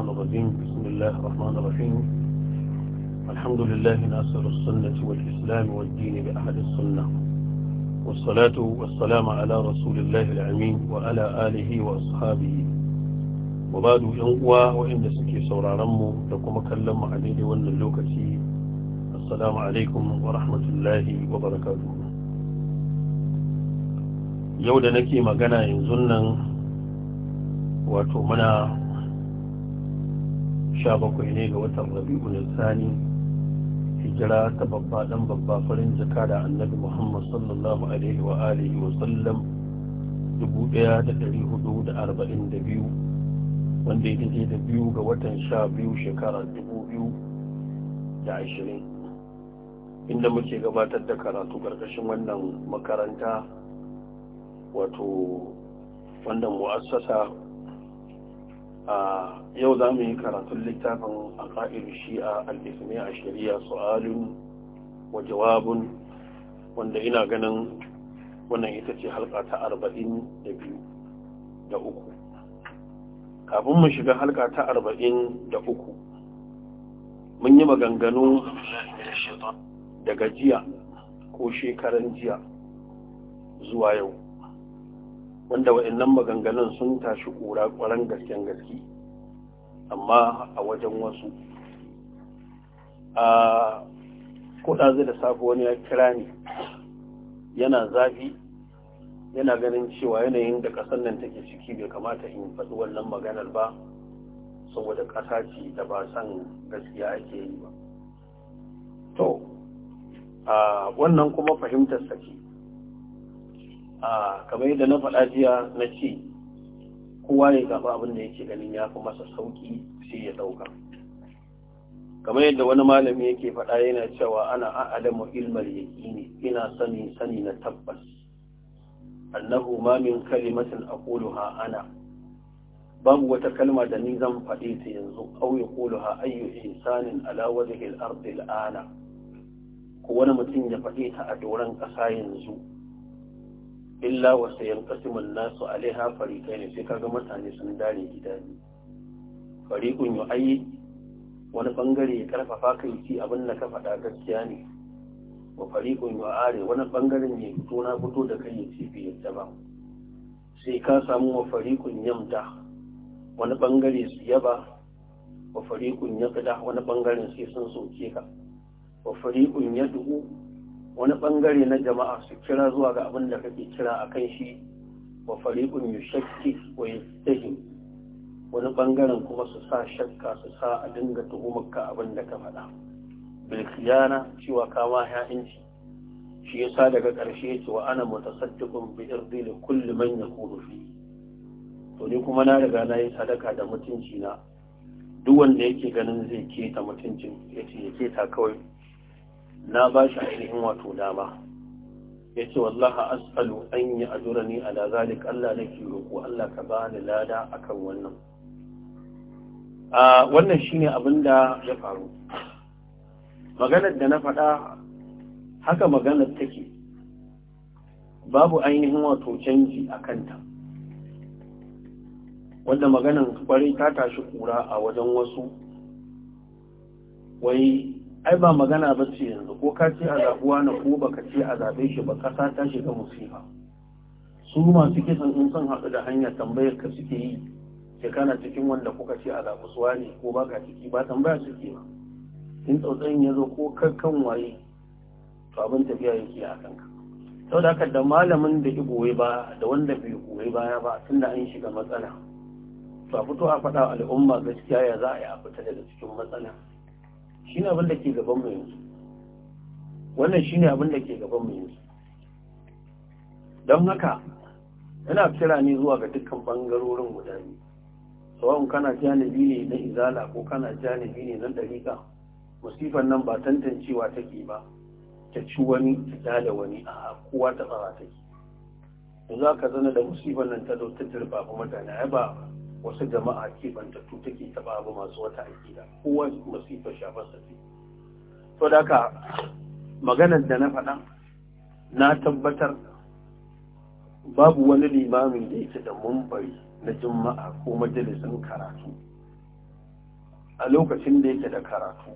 الرحمن الرحيم بسم الله الرحمن الرحيم الحمد لله ناصر السنة والإسلام والدين بأحد السنة والصلاة والسلام على رسول الله العمين وعلى آله وأصحابه وبعد ينقوى وإن سكي سورا رمو لكم أكلم عليه وأن اللوكتي السلام عليكم ورحمة الله وبركاته يودنكي مغانا ينزلنا وتؤمنا 17 ne ga watan na tsani hijira ta babba dan babba farin jaka da annabi muhammad sallallahu alaihi wa alihi wa sallam dubu daya da da da dari hudu arba'in biyu wanda ya da biyu ga watan sha biyu shekara ashirin inda muke gabatar da karatu karkashin wannan makaranta wato wannan mu'assasa yau za mu yi karatun littafin a shi shi'a al'ismi a shari'a su'alin wa jawabun wanda ina ganin wannan ita ce halka ta arba'in da biyu da uku kafin mu shiga halka ta arba'in da uku mun yi maganganu daga jiya ko shekaran jiya zuwa yau wanda wa'annan maganganun sun tashi ƙura ƙwaron gasken gaske amma a wajen wasu a kuɗazu da safe wani ya kira ni yana zafi yana ganin cewa yanayin da ƙasar nan take ciki bai kamata in faɗi wannan maganar ba saboda ƙasa ce da ba san gaskiya ake yi ba to a wannan kuma fahimtar sake a kamar yadda na faɗa jiya na ce kowa ya zaɓa abin da yake ganin ya fi masa sauƙi sai ya ɗauka kamar yadda wani malami yake faɗa yana cewa ana a'alamu yaki ne, ina sani sani na tabbas annahu ma min kalimatin aquluha ana babu wata kalma da ni zan faɗi ta yanzu au yaquluha ayyu insanin ala wajhi al-ardi al-ana ko wani mutum ya faɗi ta a doron ƙasa yanzu illa wa sayan kasimun nasu alaiha farikai ne sai kaga mutane sun dare gida ne fariƙun yi ayi wani bangare ya karfafa kai ci abin da ka faɗa gaskiya ne wa farikun yi are wani bangaren ya fito na fito da kai ya ci yadda ba sai ka samu wa fariƙun yamta wani bangare su yaba wa fariƙun ya wani bangaren sai sun soke ka wa farikun ya wani bangare na jama'a su kira zuwa ga abin da kake kira a kan shi wa fariƙun yi shakki wa yi wani bangaren kuma su sa shakka su sa a dinga tuhumarka abin da ka faɗa bilkiyana cewa kama inci, shi ya sa daga ƙarshe ce wa ana mutasaddiqun bi irdi da kulli man yakunu fi to ni kuma na riga na yi sadaka da mutunci na duk wanda yake ganin zai keta mutuncin ya ce ya keta kawai na ba shi ainihin wato dama ya ce wallaha as'alu an yi ajura ni da zalik Allah ke roƙo Allah ka ba ni lada kan wannan Wannan shi ne abin da ya faru maganar da na faɗa haka maganar take babu ainihin wato canji a kanta wanda maganar kwarai ta tashi kura a wajen wasu wai ai ba magana ba ce yanzu ko ka ce a zaɓuwa na ko ba ka ce a zaɓe shi ba ƙasa ta shiga musifa su masu kisan in san haɗu da hanyar tambayar ka suke yi sai kana cikin wanda kuka ce a zaɓi suwa ne ko ba ka ciki ba tambaya suke ba in tsautsayin ya zo ko kan waye to abin tafiya yake a kanka sau da da malamin da ya goyi ba da wanda bai goyi baya ba tunda an shiga matsala to a fito a faɗa al'umma gaskiya ya za a yi a fita daga cikin matsala shi ne abin da ke gaban mu yanzu wannan shi abin ke gaban mu yanzu don haka yana kira ne zuwa ga dukkan bangarorin guda biyu tsawon kana janibi ne na izala ko kana janibi ne na dariƙa musifan nan ba tantancewa take ba ta ci wani ta dala wani a kowa ta tsara take yanzu aka zana da musifan nan ta dautar ta jirba mutane ai ba wasu jama'a keɓantattu take taba abu masu wata akida kowa masifar shafar safi to da ka maganar da na faɗa na tabbatar babu wani limamin da yake da mumbari na juma'a ko majalisin karatu a lokacin da yake da karatu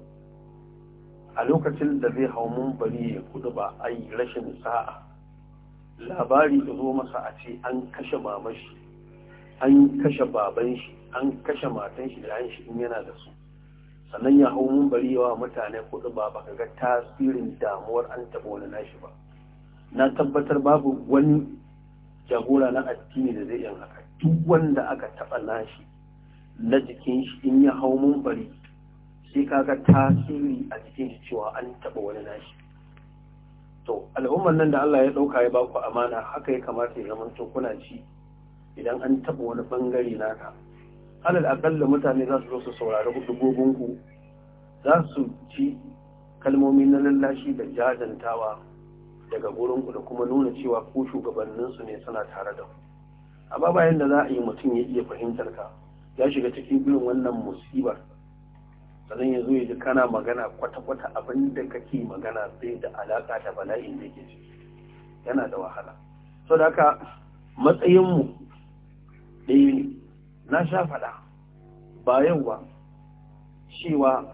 a lokacin da zai hau mumbari ya kudu ba a yi rashin sa'a labari da zo masa a ce an kashe mamashi an kashe baban shi an kashe matan shi da shi in yana da su sannan ya hau mun bari yawa mutane kudu ba ba ga tasirin damuwar an taɓa wani nashi ba na tabbatar babu wani jagora na addini da zai yin haka duk wanda aka taɓa nashi na jikin shi in ya hau mun bari sai kaga tasiri a jikin shi cewa an taɓa wani nashi to al'ummar nan da Allah ya ɗauka ya ba ku amana haka ya kamata ya zama to kuna ci idan an taɓa wani ɓangare naka alal aƙalla mutane za su zo su saurari ku za su ci kalmomi na lallashi da jajantawa daga gurinku da kuma nuna cewa ku shugabanninsu ne suna tare da ku amma bayan da za a yi mutum ya iya fahimtar ka ya shiga cikin irin wannan musibar sannan ya zo ya ji kana magana kwata-kwata abin da kake magana sai da alaƙa da bala'in da ke ciki yana da wahala sau da haka matsayinmu ɗaya eh, ne na sha faɗa ba yau ba cewa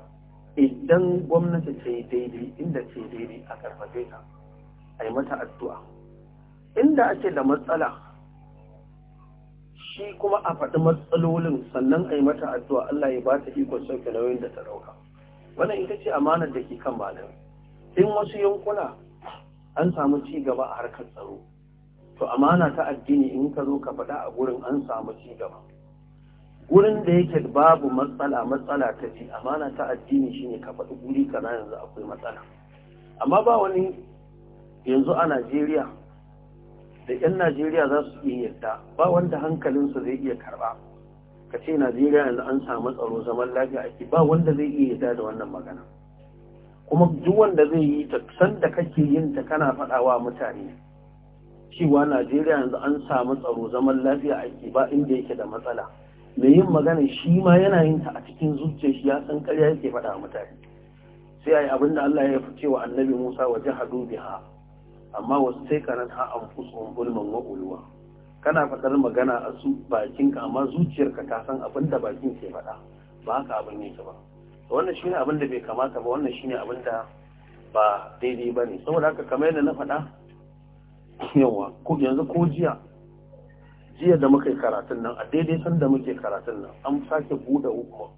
idan gwamnati ce daidai inda ce daidai a karfafe ta a yi mata addu'a inda ake da matsala shi kuma a faɗi matsalolin sannan a yi mata addu'a Allah ya ba ta ikon sauke nauyin da ta ɗauka wannan ita ce amanar da ke kan malami in wasu yankuna an samu ci gaba a harkar tsaro to amana ta addini in ka zo ka faɗa a gurin an samu ci gaba gurin da yake babu matsala matsala ta fi amana ta addini shine ka faɗi guri kana yanzu akwai matsala amma ba wani yanzu a Najeriya da 'yan Najeriya za su iya yarda ba wanda hankalinsu zai iya karɓa ka ce Najeriya yanzu an samu tsaro zaman lafiya ake ba wanda zai iya yarda da wannan magana kuma duk wanda zai yi ta san da kake yin ta kana faɗawa mutane cewa najeriya yanzu an samu tsaro zaman lafiya ake ba inda yake da matsala mai yin magana shi ma yana yin ta a cikin zuciya shi ya san karya yake faɗa mutane sai a yi abin da Allah ya fi cewa annabi Musa wa jihadu biha amma wasu sai kanan ha an fusun gulman wa kana faɗar magana a su bakinka amma zuciyarka ta san abin da bakin ke faɗa ba haka abin yake ba wannan ne abin da bai kamata ba wannan ne abin da ba daidai ba ne saboda haka kamar yadda na faɗa yawa yanzu ko jiya jiya da muka yi karatun nan a daidai san da muke karatun nan an sake bude hukuma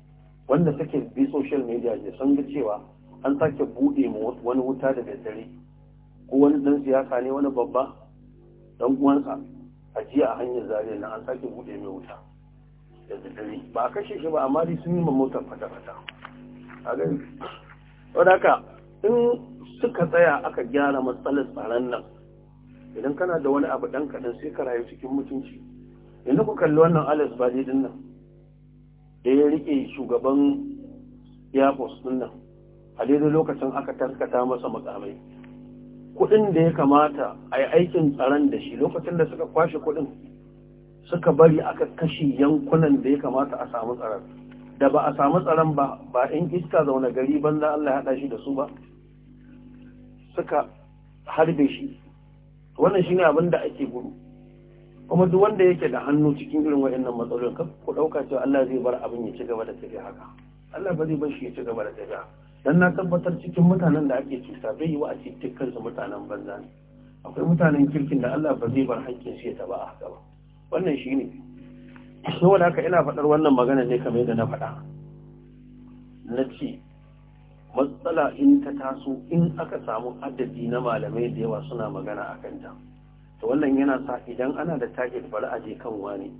wanda take bi social media je sun ga cewa an sake bude mu wani wuta da daddare ko wani dan siyasa ne wani babba dan uwansa a jiya a hanyar zare nan an sake bude mai wuta da daddare ba a kashe shi ba amma dai sun yi ma motar fata-fata a gani wadaka in suka tsaya aka gyara matsalar tsaron nan idan kana da wani abu dan kaɗan sai ka rayu cikin mutunci yanzu ku kalli wannan alas ba din nan da ya rike shugaban yakos din a daidai lokacin aka taskata masa makamai kuɗin da ya kamata a yi aikin tsaron da shi lokacin da suka kwashe kuɗin suka bari aka kashe yankunan da ya kamata a samu tsaron da ba a samu tsaron ba ba in iska zaune gari banza Allah ya haɗa shi da su ba suka harbe shi wannan shine abin da ake gudu kuma duk wanda yake da hannu cikin irin waɗannan matsalolin ka ku ɗauka cewa Allah zai bar abin ya ci gaba da tafiya haka Allah ba zai bar shi ya ci gaba da tafiya dan na tabbatar cikin mutanen da ake cuta bai yi wa a cikin dukkan mutanen banza ne akwai mutanen kirkin da Allah ba zai bar hakkin su ya taba a haka ba wannan shine saboda haka ina faɗar wannan magana ne kamar yadda na faɗa na ci. matsala in ta taso in aka samu adadi na malamai da yawa suna magana a kanta to wannan yana sa idan ana da target bari a je kan wani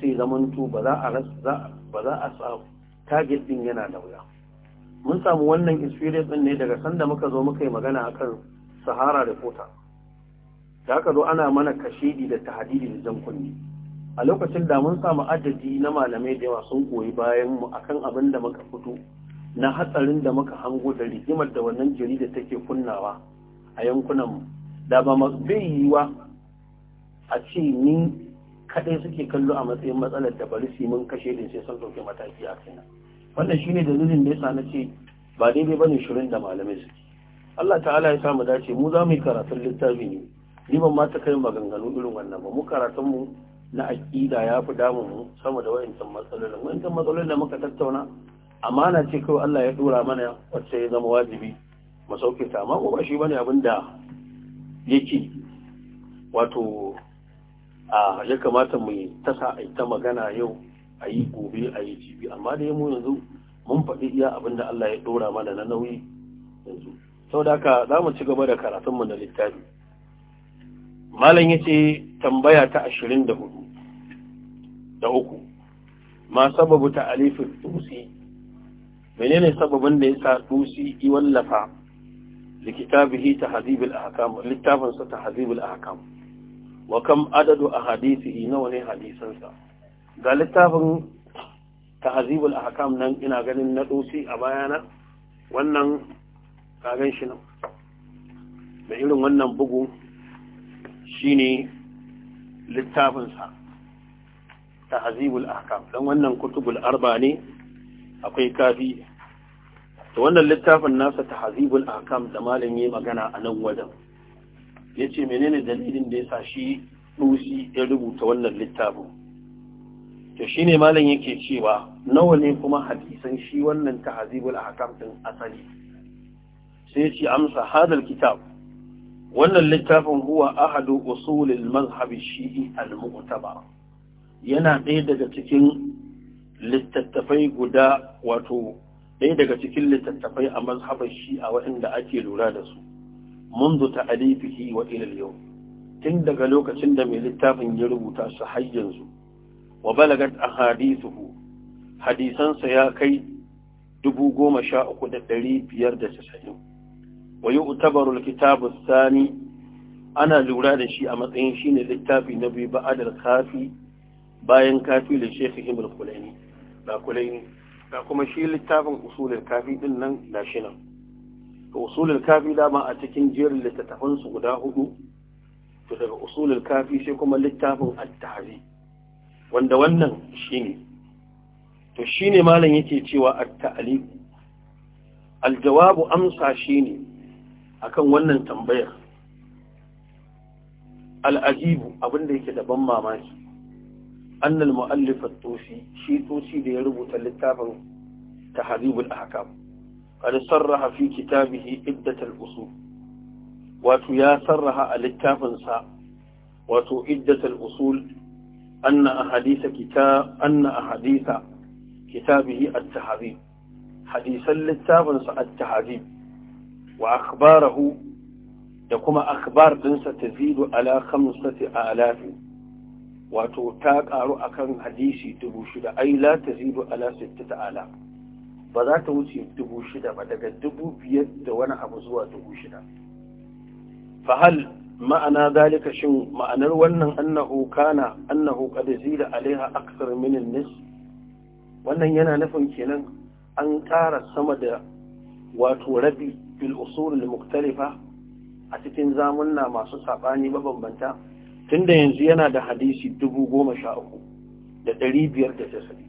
sai zamanto ba za a sa target din yana da wuya mun samu wannan experience din ne daga sanda muka zo muka yi magana akan sahara reporter da aka zo ana mana kashedi da tahadidi da jan kunni a lokacin da mun samu adadi na malamai da yawa sun koyi bayan mu akan abin da muka fito na hatsarin da muka hango da rigimar da wannan jarida take kunnawa a yankunanmu da ba bai wa a ce ni kaɗai suke kallo a matsayin matsalar da bari su mun kashe din sai sun ɗauke mataki a kaina wannan shine dalilin da yasa na ce ba daidai bane shirin da malamai suke Allah ta'ala ya sa mu dace mu za mu yi karatun littafi ne ni ban ma ta kai maganganu irin wannan ba mu karatun mu na aƙida ya fi damu mu sama da wayancan matsalolin wayancan matsalolin da muka tattauna amana ce kawai Allah ya dora mana wacce ya zama wajibi mu sauke ta amma ba shi bane abin da yake wato a ya kamata mu tasa a ta magana yau a yi gobe a yi jibi amma dai mu yanzu mun faɗi iya abin da Allah ya dora mana na nauyi yanzu sau da haka za mu ci gaba da karatunmu na littafi malam ya ce tambaya ta ashirin da hudu da uku ma sababu ta alifin tusi menene sababin da yasa tusi i wallafa likitabihi tahdhib al-ahkam littafin sa tahdhib al-ahkam wa kam adadu ahadithihi nawa ne hadisan sa ga littafin tahdhib ahkam nan ina ganin na tusi a bayana wannan ka gan shi nan da irin wannan bugu shine littafin sa tahdhib ahkam dan wannan kutubul arba ne akwai kafi to wannan littafin nasa tahzibul ahkam da malam yi magana a nan wajen yace menene dalilin da yasa shi dusi ya rubuta wannan littafin to shine malam yake cewa nawa ne kuma hadisan shi wannan tahzibul ahkam din asali sai yace amsa hadal kitab wannan littafin huwa ahadu usulil manhabi shi'i al yana ɗaya daga cikin littattafai guda wato ɗaya daga cikin littattafai a mazhabar shi a waɗanda ake lura da su alifihi wa وإلى yau tun daga lokacin da mai littafin ya rubuta su har wa balagat hadisuhu hadisansa ya kai dubu goma sha uku da ɗari biyar da casa'in wa yi utabaru kitabu sani ana lura da shi a matsayin shi ne littafi na biyu ba'adar kafi bayan kafi da shekhi himul kulaini ba kulaini da kuma shi littafin usulul kafi din nan da shi nan to usulul kafi dama a cikin jerin littattafan su guda hudu to daga usulul kafi sai kuma littafin at-tahri wanda wannan shine to shine malam yake cewa at-ta'liq al-jawabu amsa shine akan wannan tambayar al-ajibu abinda yake da ban mamaki أن المؤلف الطوسي شي طوسي ليربط للتابع تحذيب الأحكام قد صرح في كتابه عدة الأصول واتو يا صرح سا واتو إدة الأصول أن أحاديث كتاب أن أحاديث كتابه حديث حديثا سا التحذيب وأخباره يقوم أخبار دنسة تزيد على خمسة آلاف wato ta karu kan hadisi dubu shida ai la ta zidu ala ala ba za ta wuce dubu shida ba daga dubu biyar da wani abu zuwa dubu shida fahal ma'ana zalika shin ma'anar wannan annahu kana annahu qad zida alaiha aksar min an wannan yana nufin kenan an tara sama da wato rabi bil usul al a cikin zamunna masu sabani mabambanta tunda yanzu yana da hadisi dubu goma sha uku da ɗari biyar da tasiri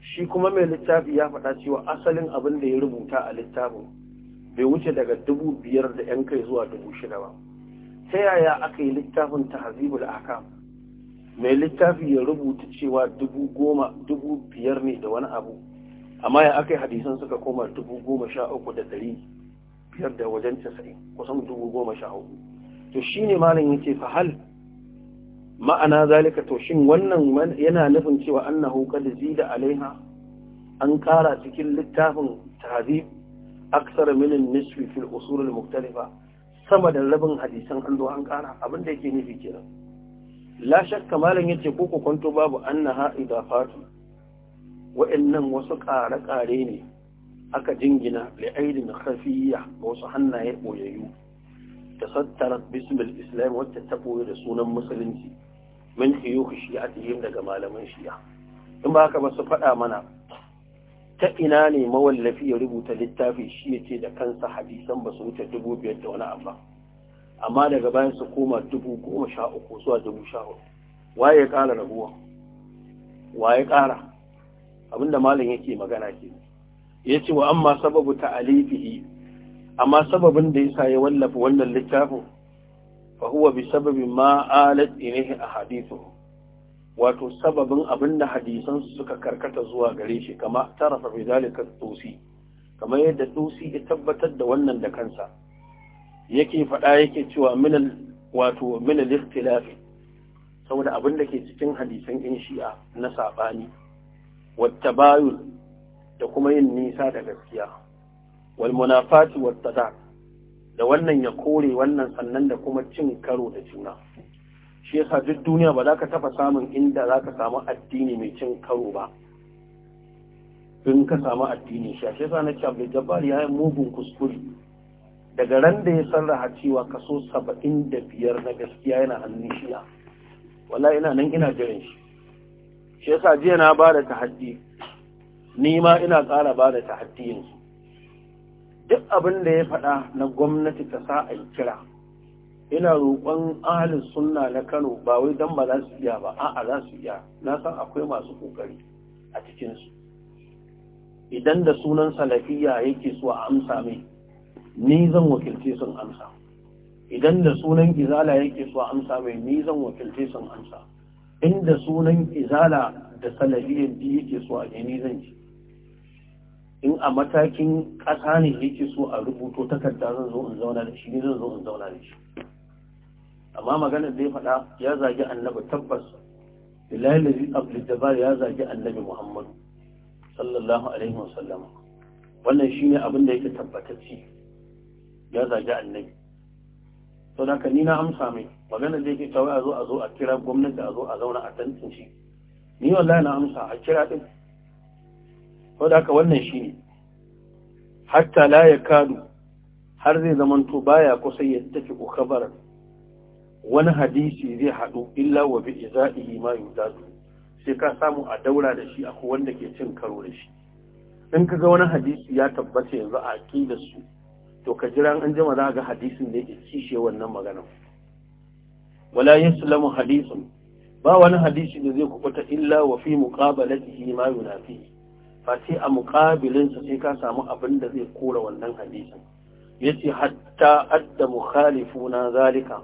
shi kuma mai littafi ya faɗa cewa asalin abin da ya rubuta a littafin bai wuce daga dubu biyar da ‘yan kai zuwa dubu shida ba ta yaya aka yi littafin ta hazibul aka mai littafi ya rubuta cewa dubu goma dubu biyar ne da wani abu amma ya aka yi hadisan suka koma dubu goma sha uku da ɗari biyar da wajen tasa'in kusan dubu goma sha uku to shi ne malam ya ce fa hal ma'ana zalika to shin wannan yana nufin cewa annahu qad zida alaiha an kara cikin littafin tahdhib aksar min an-nisfi fil usul al-mukhtalifa sama da rabin hadisan an zo an kara abin da yake nufi kenan la shakka malam yace ko ko kwanto babu annaha idafatu wa'annan wasu ƙare-ƙare ne aka jingina li'aidin khafiyya wasu hannaye boyayyu tasattarat bismil islam wacce ta boye da sunan musulunci min shiyuhi shi'atihim daga malaman shi'a in ba haka ba su faɗa mana ta ina ne mawallafi ya rubuta littafi shi ya ce da kansa hadisan ba su wuce dubu biyar da wani abu amma daga bayan su koma dubu goma sha uku zuwa dubu sha hudu waye ya ƙara rabuwa? waye ƙara abinda malam yake magana ke ya ce wa amma sababu ta alifihi amma sababin da yasa ya wallafa wannan littafin fa huwa bi sababi ma alat wato sababin abinda hadisan suka karkata zuwa gare shi kama tarafa bi zalika tusi kamar yadda tusi ya tabbatar da wannan da kansa yake faɗa yake cewa minal wato minal ikhtilafi saboda abin da ke cikin hadisan yan shi'a na saɓani wattabayul da kuma yin nisa da gaskiya wal munafati wattadak da wannan ya kore wannan sannan da kuma cin karo da juna shi yasa duk duniya ba za ka taɓa samun inda za ka samu addini mai cin karo ba in ka samu addini shi shi yasa na ce abu jabbar ya yi mugun kuskure daga ran da ya sarraha cewa kaso saba'in da biyar na gaskiya yana hannun shiya wala ina nan ina jiran shi shi yasa jiya na ba da tahaddi ni ma ina ƙara ba da tahaddi yanzu duk abin da ya faɗa na gwamnati ta sa a kira ina roƙon ahalin sunna na kano ba wai don ba za su iya ba a'a za su iya na san akwai masu ƙoƙari a cikinsu idan da sunan salafiya yake so a amsa mai ni zan wakilce sun amsa idan da sunan izala yake so a amsa mai ni zan wakilce sun amsa inda sunan izala da salafiyan yake so a ni zan ce in a matakin ƙasa ne yake so a rubuto takarda zan zo in zauna da shi ne zan zo in zauna da shi amma maganar zai faɗa ya zagi annabi tabbas billahi lazi abdul ya zagi annabi muhammad sallallahu alaihi wasallam wannan shine abin da yake tabbatacce ya zagi annabi to da ni na amsa mai maganar zai ke cewa a zo a zo a kira gwamnati a zo a zauna a tantance ni wallahi na amsa a kira din saboda haka wannan shi ne. hatta la kadu, har zai zamanto baya kusa ya tafi ukabaran wani hadisi zai haɗu illa wa bi izaihi ma yudadu sai ka samu a daura da shi akwai wanda ke cin karo da shi in ka ga wani hadisi ya tabbata yanzu a aqidar su to ka jira an jima za ga hadisin da yake kishe wannan magana wala yaslamu hadisun ba wani hadisi da zai kubuta illa wa fi muqabalatihi ma yunafihi fati a muƙabilinsa sai ka samu abin da zai kora wannan hadisin yace hatta adda mukhalifuna zalika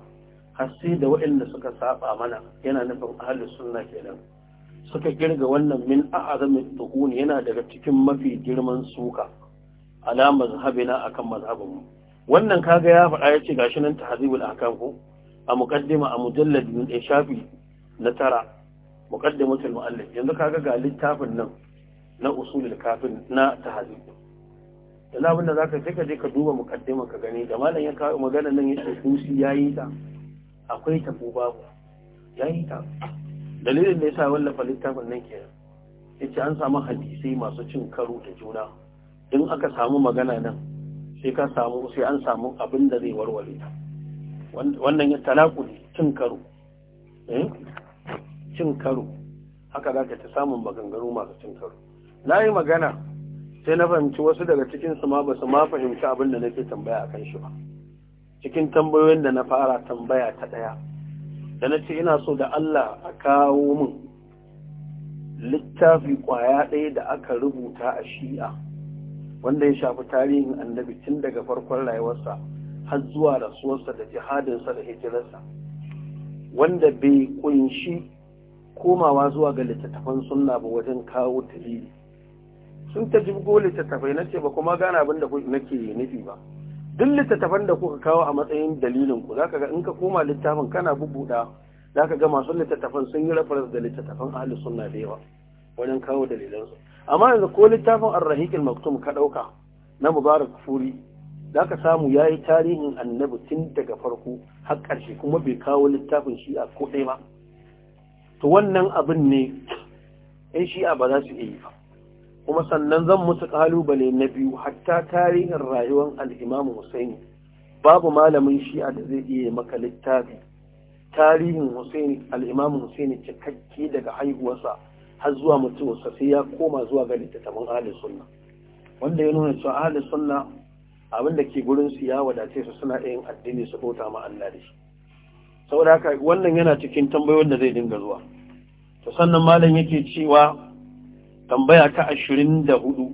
har sai da waɗanda suka saba mana yana nufin ahlus sunna kenan suka girga wannan min a'azamit tuhun yana daga cikin mafi girman suka ala mazhabina akan mazhabin wannan kaga ya faɗa yace gashi nan tahzibul ahkam ko a muqaddima a mujallad min shafi na tara muqaddimatul muallif yanzu kaga ga littafin nan na usulul kafin na tahzib da abin da zaka sai ka je ka duba mukaddimar ka gani da malam ya kawo magana nan yace dusi yayi ta akwai ta ko babu yayi ta dalilin da yasa wallafa littafin nan kenan yace an samu hadisi masu cin karo da juna in aka samu magana nan sai ka samu sai an samu abin da zai warware ta wannan ya talakuli cin karo eh? cin karo haka za ka ta samun maganganu masu cin karo na yi magana sai na fahimci wasu daga cikin su ma ba su ma fahimci abin da nake tambaya a kan shi ba cikin tambayoyin da na fara tambaya ta ɗaya da na ce ina so da Allah a kawo min littafi ƙwaya ɗaya da aka rubuta a shi'a wanda ya shafi tarihin annabi tun daga farkon rayuwarsa har zuwa rasuwarsa da jihadinsa da hijirarsa wanda bai ƙunshi komawa zuwa ga littattafan sunna ba wajen kawo dalili sun ta jibgo littattafai na ce ba kuma gane abin da nake nufi ba duk littattafan da kuka kawo a matsayin dalilin ku zaka ga in ka koma littafin kana bubuda zaka ga masu littattafan sun yi rafar da littattafan ahli sunna da yawa wajen kawo dalilan su amma yanzu ko littafin ar-rahiq maktum ka dauka na mubarak furi zaka samu ya yi tarihin annabi tun daga farko har karshe kuma bai kawo littafin shi a ko ba to wannan abin ne in shi'a ba za su iya yi ba kuma sannan zan musu ƙalubale na biyu hatta tarihin rayuwar Al'imamu Husaini babu malamin shi'a da zai iya maka littafi tarihin Husaini al'imam cikakke daga haihuwarsa har zuwa mutuwarsa sai ya koma zuwa ga littattafan ahli sunna wanda ya nuna cewa ahli sunna abin da ke gurin su ya wadace su suna yin addini su bauta ma Allah da shi saboda haka wannan yana cikin tambayoyin da zai dinga zuwa to sannan malam yake cewa tambaya ta ashirin da hudu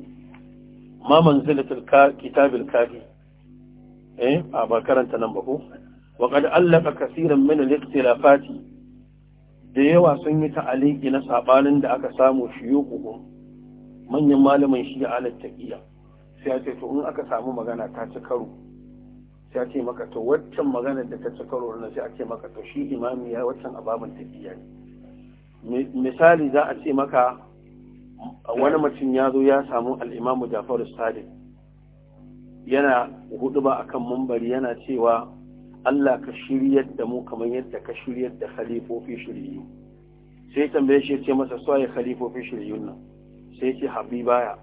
ma manzilatul kitabil kafi eh a ba karanta nan ba ko wa qad allaka kaseeran min al-ikhtilafati da yawa sun yi ta'aliki na sabanin da aka samu shiyuku manyan malaman shi'a al-taqiya sai ce to in aka samu magana ta ci karo sai ce maka to waccan magana da ta ci karo na sai ce maka to shi imami ya waccan ababan taqiya ne misali za a ce maka wani mutum ya zo ya samu al'imamu jafaru sadiq yana hudu ba a akan mumbari yana cewa Allah ka shiryar da mu kamar yadda ka shiryar da khalifofi shiryu sai tambaye shi ce masa so ya khalifofi shiryun nan sai ce baya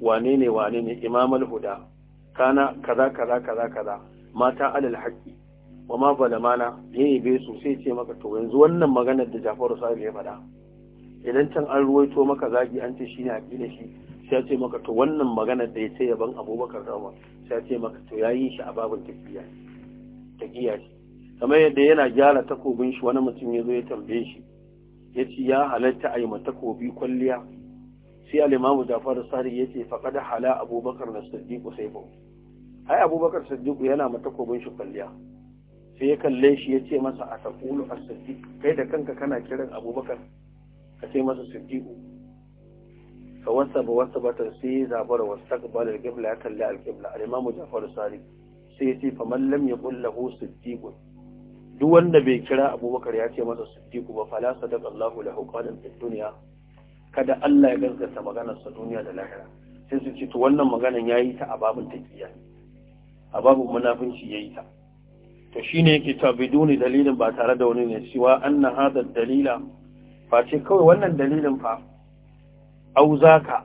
wane ne wane ne imam huda kana kaza kaza kaza kaza mata alal haqqi wa ma zalamana yayi be su sai ce maka to yanzu wannan maganar da Jafaru Sa'id ya faɗa idan can an ruwaito maka zagi an ce shi ne aƙida shi sai ce maka to wannan magana da ya ce yaban abubakar rama sai ce maka to ya yi shi a babin tafiya giya shi kamar yadda yana gyara takobin shi wani mutum ya zo ya tambaye shi ya ce ya halatta a yi ma takobi kwalliya sai alimamu jafaru sari ya ce faƙada hala abubakar na sadiku sai ba ai abubakar sadiku yana ma takobin shi kwalliya sai ya kalle shi ya ce masa a taƙulu a siddiq kai da kanka kana kiran abubakar ka ce masa siddiqu fa wasa ba wasa ba sai zabara ba da kibla ya kalli al-qibla al-imamu Ja'far sari sai ya ce fa man lam yaqul lahu siddiqu duk wanda bai kira Abubakar ya ce masa siddiqu ba fala sadaqa Allahu lahu qalan fi dunya kada Allah ya gaskata maganar sa duniya da lahira sai su ce to wannan maganar yayi ta a babin taqiya a munafinci yayi ta to shine yake ta biduni dalilin ba tare da wani ne wa anna hadha dalila face kawai wannan dalilin fa au zaka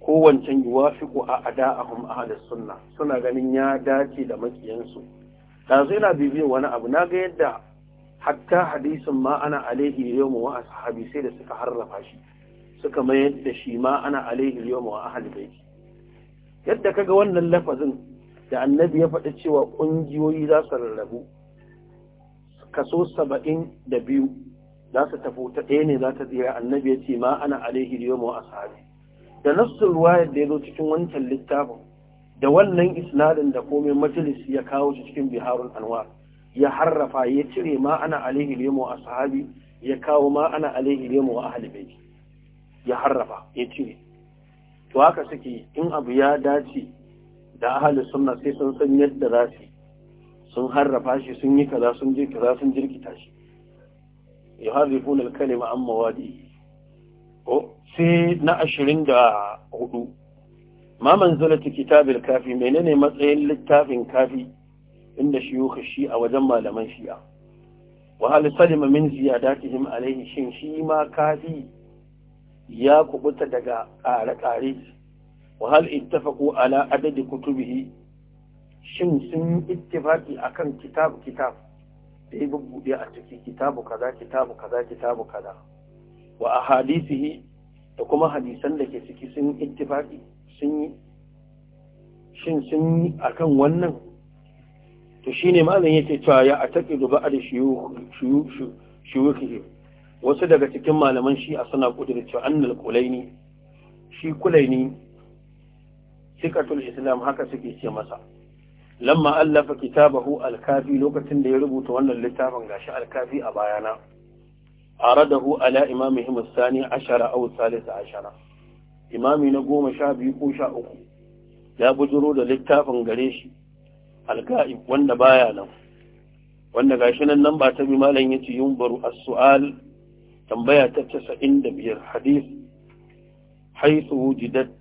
ko wancan yuwafiqu a ada'ahum ahlus sunna suna ganin ya dace da makiyansu dazu yana bibiyan wani abu na ga yadda hatta hadisin ma ana alaihi yawmu wa ashabi sai da suka harrafa shi suka mayar da shi ma ana alaihi yawmu wa ahli baiti yadda kaga wannan lafazin da annabi ya faɗi cewa ƙungiyoyi za su rarrabu kaso saba'in da biyu za su tafi ta ɗaya ne za ta tsira annabi ya ce ma ana alaihi yau a sahabi. da nassun ruwayar da ya zo cikin wancan littafin da wannan isnadin da komai majalis ya kawo shi cikin biharun anwar ya harrafa ya cire ma ana alaihi yau a sahabi. ya kawo ma ana alaihi da mu ahli baiti ya harrafa ya cire to haka suke in abu ya dace da ahli sunna sai sun san yadda za su sun harrafa shi sun yi kaza sun je kaza sun jirkita shi yuhadhifuna al-kalima an mawadi ko sai na 24 ma manzalatu kitabil kafi menene matsayin littafin kafi inda shiyukh shi a wajen malaman shi'a wa hal salima min ziyadatihim alayhi shin shi ma kafi ya kubuta daga ƙare-ƙare wa hal ittafaqu ala adadi kutubihi shin sun ittifaqi akan kitab kitab da ya bubbuɗe a ciki kitabu kaza kitabu kaza kitabu kaza wa a hadisihi da kuma hadisan da ke ciki sun ittifaki sun yi shin sun yi a kan wannan to shi ne malam yake cewa ya a a da shuyukhi wasu daga cikin malaman shi a suna kudur cewa annal kulaini shi kulaini sikatul islam haka suke ce masa lamma allafa kitabahu alkafi lokacin da ya rubuta wannan littafin gashi alkafi a bayana aradahu ala imamihim as-sani ashara aw salis ashara imami na goma sha biyu ko sha uku ya bujiro da littafin gare shi alka'ib wanda baya nan wanda gashi nan nan ba ta bi malam yace yumbaru as-su'al tambaya ta 95 hadith حيث وجدت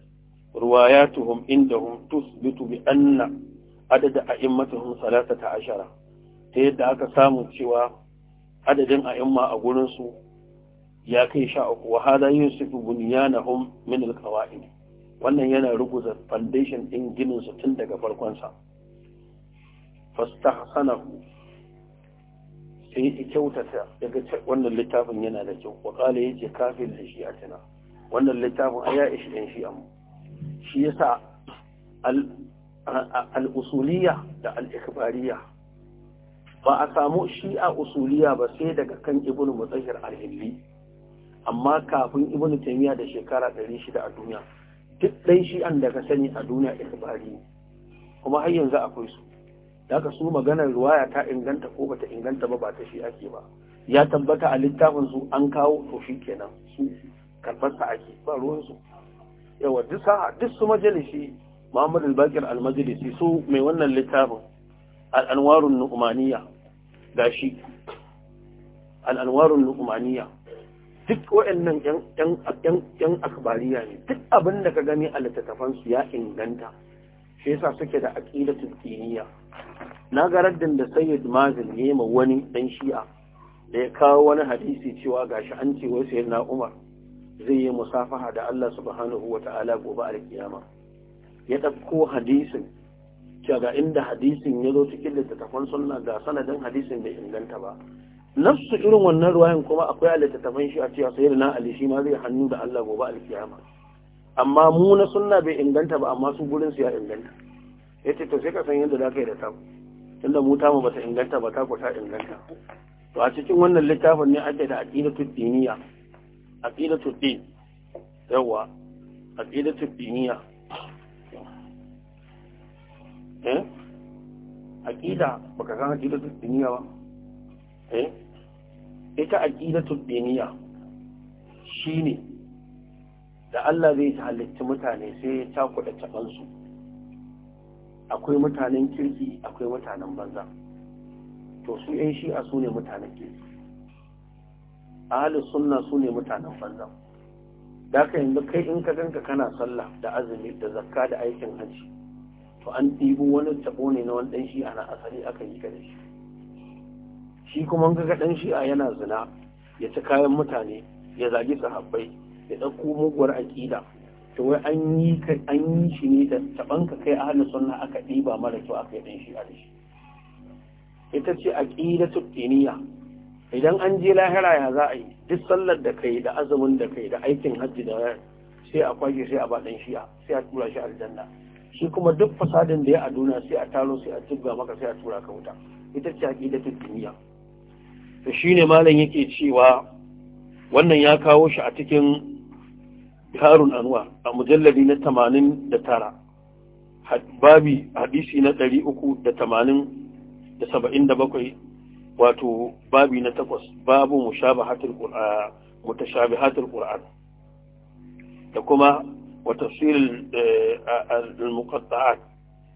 رواياتهم عندهم bi بأن adadin a'immatuhum salasata ashara ta yadda aka samu cewa adadin a'imma a gurin su ya kai sha uku wa hada yusufu bunyanahum min alqawaid wannan yana ruguza foundation din ginin su tun daga farkon sa fastahsanahu sai ya kyautata daga wannan littafin yana da kyau wa qala yace kafin da shi wannan littafin aya ishi shi amma shi yasa al'usuliya da al'ikbariya ba a samu shi'a usuliya ba sai daga kan ibn mutsahir al-hilli amma kafin ibn taimiyya da shekara 600 a duniya duk ɗan shi'an daga daga sani a duniya ikbari kuma har yanzu akwai su daga su maganar ruwaya ta inganta ko bata inganta ba ba ta shi ake ba ya tabbata a littafin su an kawo to shi kenan su karɓar ake ba ruwan su yawa duk sa'a duk su majalisi Muhammad al-Bakir al-Majlisi su mai wannan littafin al-Anwarun Nu'maniya gashi al-Anwarun Nu'maniya duk wayannan ƴan ƴan akbariya ne duk abin da ka gani a littattafan su ya inganta shi yasa suke da aqidatul diniya na ga raddin da Sayyid Mazin ne ma wani dan Shi'a da ya kawo wani hadisi cewa gashi an ce wai sayyidina Umar zai yi musafaha da Allah subhanahu wa ta'ala gobe alkiyama ya ɗauko hadisin ga inda hadisin ya zo cikin littattafan sunna ga sanadin hadisin bai inganta ba nafsu irin wannan ruwayan kuma akwai a littattafan shi a cewa sai da na ali shi ma zai hannu da Allah gobe alkiyama amma mu na sunna bai inganta ba amma su gurin su ya inganta yace to sai ka san yadda zaka yi da taku tunda mu ta tamu bata inganta ba ta ku ta inganta to a cikin wannan littafin ne ake da aqidatud diniya aqidatud din yawa aqidatud diniya eh aqida baka san aqidatul diniya ba eh ita aqidatul diniya shine da Allah zai halitta mutane sai ya takuda taban su akwai mutanen kirki akwai mutanen banza to su yan shi'a su ne mutanen kirki ahalus sunna su ne mutanen banza da haka yanzu kai in ka ganka kana sallah da azumi da zakka da aikin hajji to an ɗibo wani tabo ne na wani ɗan shi'a na asali aka yi ka dashi. shi shi kuma ga ɗan shi'a yana zina ya ci kayan mutane ya zagi sahabbai ya ɗauko muguwar aƙida to wai an yi shi ne da taban ka kai ahli sunna aka ɗiba mara kyau aka yi ɗan shi'a da shi ita ce aƙida tuttiniya idan an je lahira ya za a yi duk sallar da kai da azumin da kai da aikin hajji da sai a kwashe sai a ba ɗan shi'a sai a tura shi aljanna shi kuma duk fasadin da ya a duniya sai a talo sai a tubga maka sai a tura ka wuta ita ce aqidatul duniya to shine malam yake cewa wannan ya kawo shi a cikin harun anwa a mujalladi na 89 babi hadisi na 387 wato babi na 8 babu mushabahatul qur'an mutashabihatul qur'an da kuma وتفصيل آه، آه، المقطعات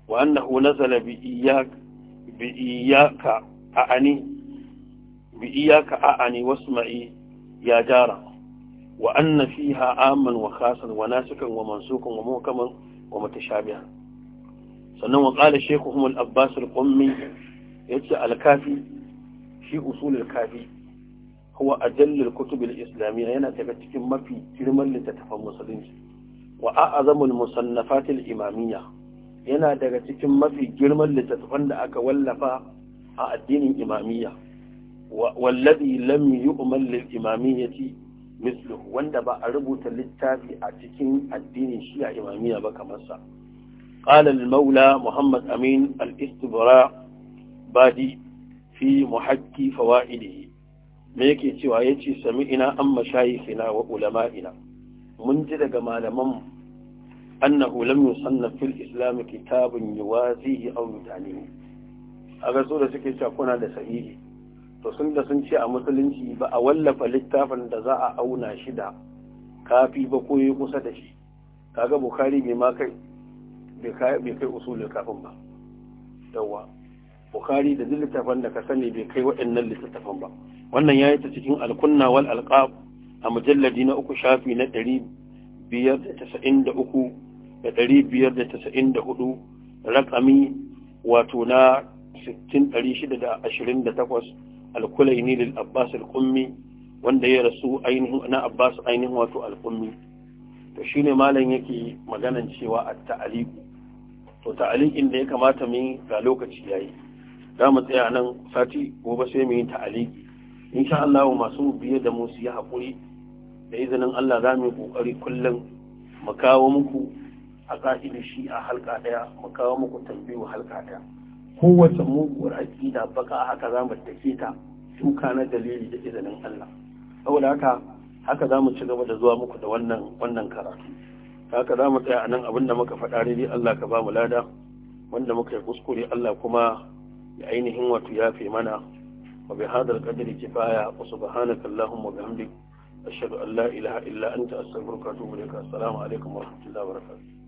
وأنه نزل بإياك بإياك أعني بإياك أعني واسمعي يا جارة وأن فيها عاما وخاصا وناسكا ومنسوكا ومحكما ومتشابها سنو قال شيخهم الأباس القمي يتسأل الكافي في أصول الكافي هو أجل الكتب الإسلامية انا تكتك ما في كلمة لتتفهم مصدين wa a'azamul musannafatil imamiyya yana daga cikin mafi girman littattafan da aka wallafa a addinin imamiyya wallazi lam yu'mal lil imamiyyati misluhu wanda ba a rubuta littafi a cikin addinin shi'a imamiyya ba kamar sa قال المولى محمد أمين الاستبراء بادي في yake cewa yace sami ina سمئنا أم wa ulamaina mun ji daga malaman annahu lam yusannaf fil islam kitabun yuwazihi aw yutanihi a ga da suke cewa kuna da sahihi to sun da sun ce a musulunci ba a wallafa littafin da za a auna shi da kafi ba ko yi kusa da shi kaga bukhari bai ma kai bai kai usulul kafin ba yawa bukhari da duk littafan da ka sani bai kai waɗannan littattafan ba wannan yayi ta cikin alkunna wal alqab a mujalladi na uku shafi na ɗari biyar da tasa'in da uku da ɗari biyar da tasa'in da hudu rakami wato na sittin ɗari shida da ashirin da takwas alkulaini lil abbas alƙummi wanda ya rasu ainihin na abbas ainihin wato alƙummi to shine malam yake maganan cewa a ta'aliku to ta'alikin da ya kamata mu yi ga lokaci yayi za mu tsaya nan sati gobe sai mu yi ta'aliki insha Allah masu biye da mu su yi haƙuri da izinin Allah za mu yi ƙoƙari kullum mu kawo muku a ƙa'idar shi a halka ɗaya mu kawo muku tambayu halka ɗaya kowace muguwar aƙida baka haka za mu take ta duka na dalili da izinin Allah saboda haka haka za mu ci gaba da zuwa muku da wannan wannan karatu haka za mu tsaya a nan abin da muka faɗa daidai Allah ka ba mu lada wanda muka yi kuskure Allah kuma ya ainihin wato yafe mana wa bi hadal qadri kifaya wa subhanaka allahumma ashhadu allah la ilaha illa anta astaghfiruka wa atubu ilaik assalamu alaikum wa rahmatullahi wa